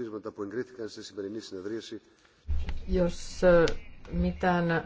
ψηφίσματα που εγκρίθηκαν στη σημερινή συνεδρίαση. Jos mitään